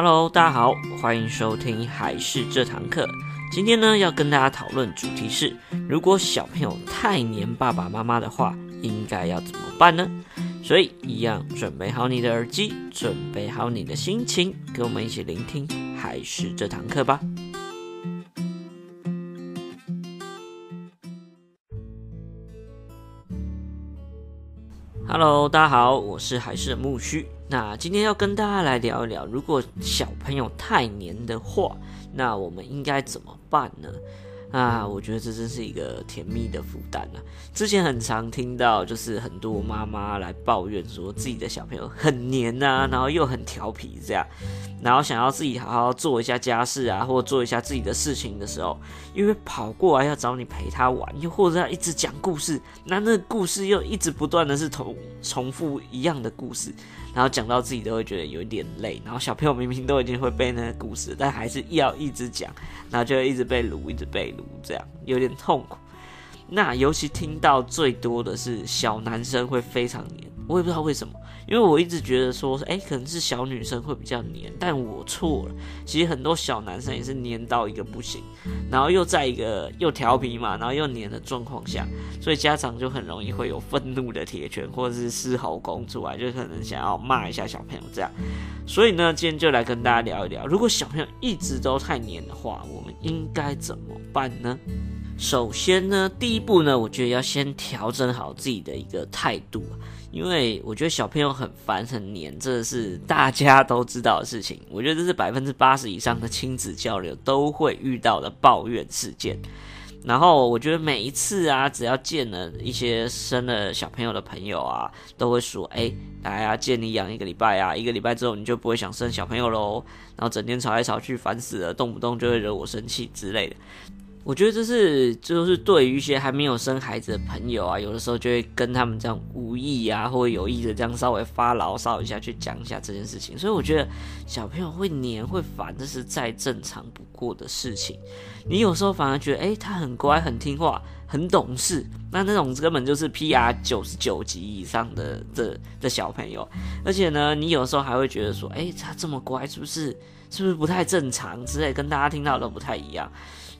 Hello，大家好，歡迎收聽海事這堂課。今天呢，要跟大家討論主題是：如果小朋友太黏爸爸媽媽的話，應該要怎麼辦呢？所以，一樣準備好你的耳機，準備好你的心情，跟我們一起聆聽海事這堂課吧。Hello，大家好，我是海事的木須。那今天要跟大家來聊一聊，如果小朋友太黏的話，那我們應該怎麼辦呢？啊，我覺得這真是一個甜蜜的負擔啊。之前很常聽到，就是很多媽媽來抱怨說，自己的小朋友很黏啊，然後又很調皮，這樣，然後想要自己好好做一下家事啊，或做一下自己的事情的時候，因為跑過來要找你陪他玩，又或者要一直講故事，那那個故事又一直不斷的是重重複一樣的故事，然後講到自己都會覺得有一點累，然後小朋友明明都已經會背那個故事，但還是要一直講，然後就一直被盧，一直被。這樣有點痛苦。那尤其聽到最多的是小男生會非常黏，我也不知道為什麼，因為我一直覺得說，誒，可能是小女生會比較黏，但我錯了。其實很多小男生也是黏到一個不行，然後又在一個又調皮嘛，然後又黏的狀況下，所以家長就很容易會有憤怒的鐵拳或者是獅吼功出來，就可能想要罵一下小朋友這樣。所以呢，今天就來跟大家聊一聊，如果小朋友一直都太黏的話，我們應該怎麼辦呢？首先呢，第一步呢，我覺得要先調整好自己的一個態度。因為我覺得小朋友很煩，很黏，這是大家都知道的事情。我覺得這是百分之八十以上的親子交流都會遇到的抱怨事件。然後我覺得每一次啊，只要見了一些生了小朋友的朋友啊，都會說：“哎，來啊，借你養一個禮拜啊，一個禮拜之後你就不會想生小朋友咯，然後整天吵來吵去，煩死了，動不動就會惹我生氣之類的。我覺得這是就是對於一些還沒有生孩子的朋友啊，有的時候就會跟他們這樣無意啊，或有意的這樣稍微發牢騷一下，去講一下這件事情。所以我覺得小朋友會黏會煩，這是再正常不過的事情。你有時候反而覺得，哎、欸，他很乖很聽話很懂事，那那種根本就是 PR99 級以上的這這小朋友。而且呢，你有時候還會覺得說，哎、欸，他這麼乖，是不是是不是不太正常之類，跟大家聽到的都不太一樣。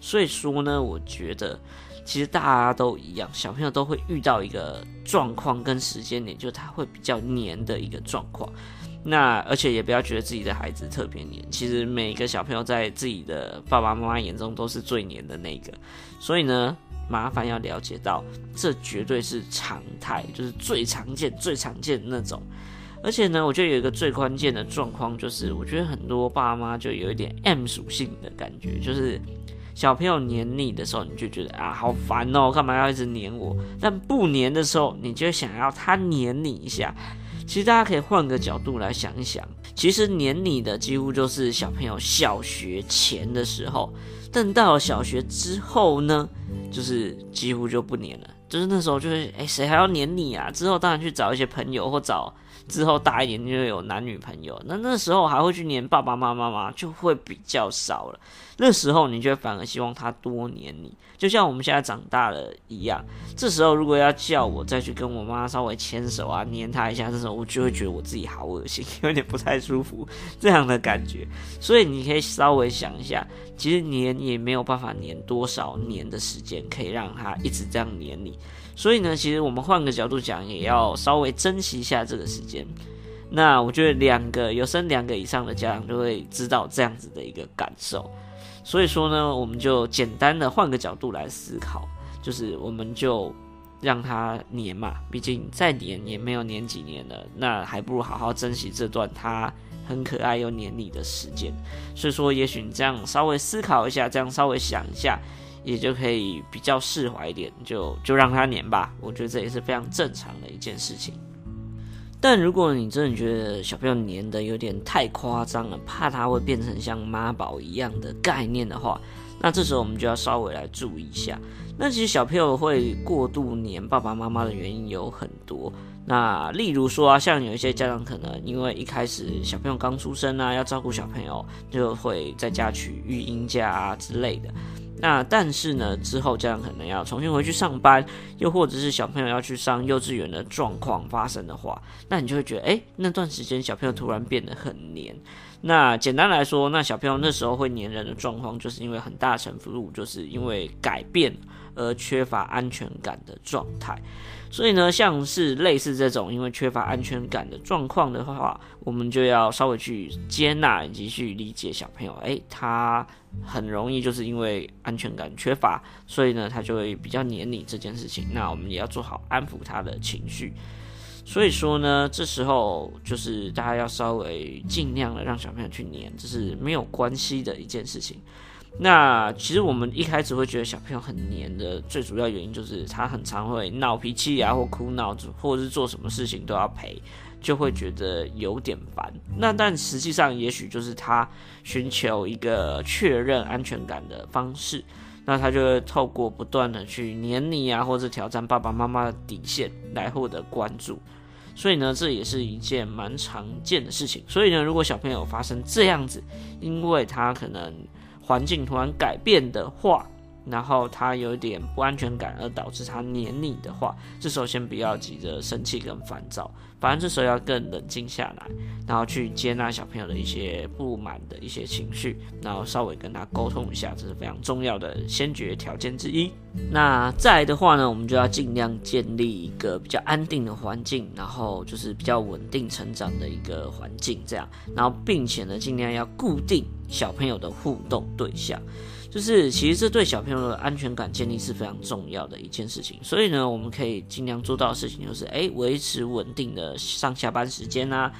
所以說呢，我覺得其實大家都一樣，小朋友都會遇到一個狀況跟時間點，就他會比較黏的一個狀況。那而且也不要覺得自己的孩子特別黏，其實每一個小朋友在自己的爸爸媽媽眼中都是最黏的那個。所以呢，麻煩要了解到，這絕對是常態，就是最常見、最常見的那種。而且呢，我覺得有一個最關鍵的狀況，就是我覺得很多爸媽就有一點 M 屬性的感覺，就是。小朋友黏你的時候，你就覺得啊，好煩哦，幹嘛要一直黏我？但不黏的時候，你就想要他黏你一下。其實大家可以換個角度來想一想，其實黏你的幾乎就是小朋友小學前的時候，但到了小學之後呢，就是幾乎就不黏了。就是那時候就會，就是哎，誰還要黏你啊？之後當然去找一些朋友，或找之後大一點就會有男女朋友。那那時候還會去黏爸爸媽媽嗎？就會比較少了。那時候你就反而希望他多黏你，就像我們現在長大了一樣。這時候如果要叫我再去跟我媽稍微牽手啊，黏她一下，這時候我就會覺得我自己好惡心，有點不太舒服這樣的感覺。所以你可以稍微想一下，其實黏也沒有辦法黏多少年的時間，可以讓他一直這樣黏你。所以呢，其實我們換個角度講，也要稍微珍惜一下這個時間。那我覺得兩個有生兩個以上的家長就會知道這樣子的一個感受。所以說呢，我們就簡單的換個角度來思考，就是我們就讓他黏嘛，畢竟再黏也沒有黏幾年了，那還不如好好珍惜這段他很可愛又黏你的時間。所以說，也許你這樣稍微思考一下，這樣稍微想一下。也就可以比較釋懷一點，就就讓他黏吧。我覺得這也是非常正常的一件事情。但如果你真的覺得小朋友黏得有點太誇張了，怕他會變成像媽寶一樣的概念的話，那這時候我們就要稍微來注意一下。那其實小朋友會過度黏爸爸媽媽的原因有很多。那例如說啊，像有一些家長可能因為一開始小朋友剛出生啊，要照顧小朋友，就會在家取育嬰假啊之類的。那但是呢，之後家長可能要重新回去上班，又或者是小朋友要去上幼稚園的狀況發生的話，那你就會覺得，誒、欸，那段時間小朋友突然變得很黏。那簡單來說，那小朋友那時候會黏人的狀況，就是因為很大程度就是因為改變而缺乏安全感的狀態。所以呢，像是類似這種因為缺乏安全感的狀況的話，我們就要稍微去接納以及去理解小朋友，誒、欸，他。很容易就是因為安全感缺乏，所以呢，他就會比較黏你這件事情。那我們也要做好安撫他的情緒。所以說呢，這時候就是大家要稍微盡量的讓小朋友去黏，這是沒有關係的一件事情。那其實我們一開始會覺得小朋友很黏的，最主要原因就是他很常會鬧脾氣啊，或哭鬧，或者是做什麼事情都要陪。就會覺得有點煩，那但實際上也許就是他尋求一個確認安全感的方式，那他就會透過不斷的去黏你啊，或者挑戰爸爸媽媽的底線來獲得關注，所以呢，這也是一件蠻常見的事情。所以呢，如果小朋友發生這樣子，因為他可能環境突然改變的話。然後他有點不安全感，而導致他黏膩的話，這時候先不要急着生氣跟煩躁，反正這時候要更冷靜下來，然後去接納小朋友的一些不滿的一些情緒，然後稍微跟他溝通一下，這是非常重要的先決條件之一。那再來的話呢，我們就要盡量建立一個比較安定的環境，然後就是比較穩定成長的一個環境，這樣，然後並且呢，盡量要固定小朋友的互動對象。就是其實這對小朋友的安全感建立是非常重要的一件事情，所以呢，我們可以盡量做到的事情就是，誒，維持穩定的上下班時間啊，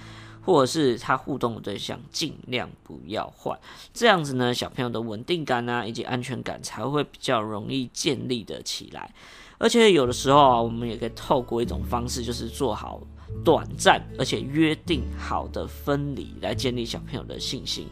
或者是他互動的對象盡量不要換，這樣子呢，小朋友的穩定感啊以及安全感才會比較容易建立的起來，而且有的時候啊，我們也可以透過一種方式，就是做好。短暫而且約定好的分離，來建立小朋友的信心。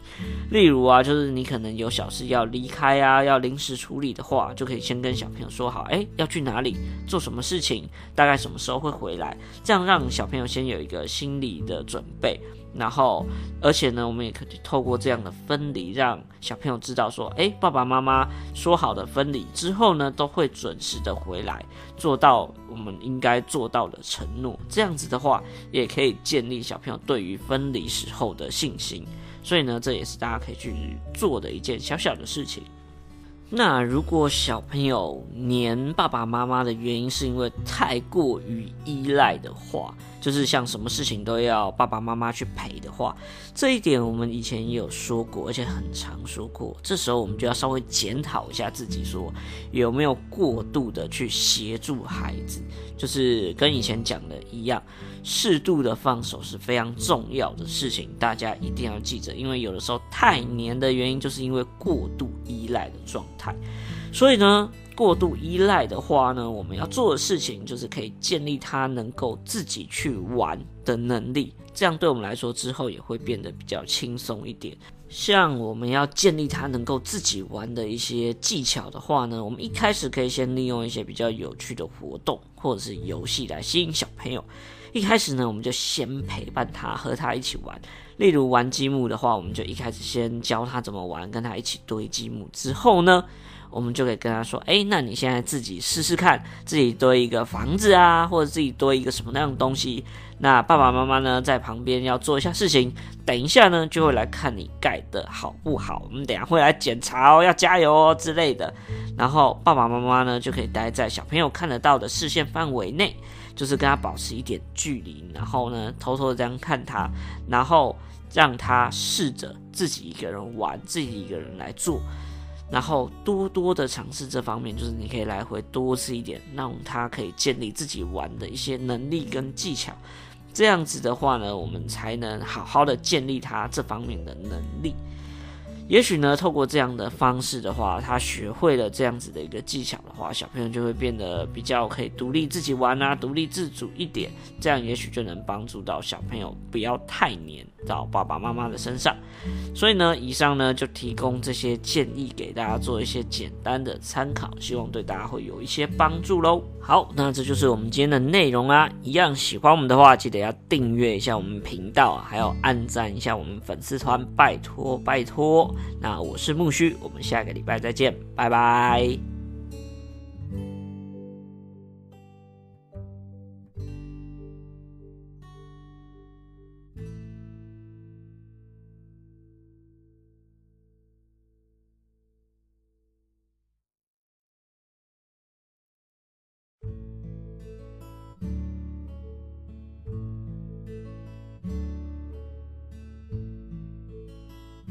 例如啊，就是你可能有小事要離開啊，要臨時處理的話，就可以先跟小朋友說好，誒，要去哪裡，做什麼事情，大概什麼時候會回來，這樣讓小朋友先有一個心理的準備。然後，而且呢，我們也可以透過這樣的分離，讓小朋友知道說，哎，爸爸媽媽說好的分離之後呢，都會準時的回來，做到我們應該做到的承諾。這樣子的話，也可以建立小朋友對於分離時候的信心。所以呢，這也是大家可以去做的一件小小的事情。那如果小朋友黏爸爸媽媽的原因是因為太過於依賴的話，就是像什麼事情都要爸爸媽媽去陪的話，這一點我們以前也有說過，而且很常說過。這時候我們就要稍微檢討一下自己，說有沒有過度的去協助孩子。就是跟以前講的一樣，適度的放手是非常重要的事情，大家一定要記着。因為有的時候太黏的原因，就是因為過度依賴的狀態。所以呢，過度依賴的話呢，我們要做的事情就是可以建立他能夠自己去玩的能力，這樣對我們來說之後也會變得比較輕鬆一點。像我們要建立他能夠自己玩的一些技巧的話呢，我們一開始可以先利用一些比較有趣的活動或者是遊戲來吸引小朋友。一開始呢，我們就先陪伴他，和他一起玩。例如玩積木的話，我們就一開始先教他怎麼玩，跟他一起堆積木之後呢，我們就可以跟他說，誒、欸、那你現在自己試試看，自己堆一個房子啊，或者自己堆一個什麼樣的東西。那爸爸媽媽呢，在旁邊要做一下事情，等一下呢就會來看你蓋的好不好。我們等一下會來檢查哦，要加油哦之類的。然後爸爸媽媽呢，就可以待在小朋友看得到的視線範圍內，就是跟他保持一點距離，然後呢偷偷的這樣看他，然後讓他試着自己一個人玩，自己一個人來做。然後多多的嘗試這方面，就是你可以來回多試一點，讓他可以建立自己玩的一些能力跟技巧。這樣子的話呢，我們才能好好的建立他這方面的能力。也許呢，透過這樣的方式的話，他學會了這樣子的一個技巧的話，小朋友就會變得比較可以獨立自己玩啊，獨立自主一點，這樣也許就能幫助到小朋友不要太黏到爸爸媽媽的身上。所以呢，以上呢就提供這些建議給大家做一些簡單的參考，希望對大家會有一些幫助嘍。好，那這就是我們今天的內容啊。一樣喜歡我們的話，記得要訂閱一下我們頻道，還有按讚一下我們粉絲團，拜託拜託。那我是木須，我們下個禮拜再見，拜拜。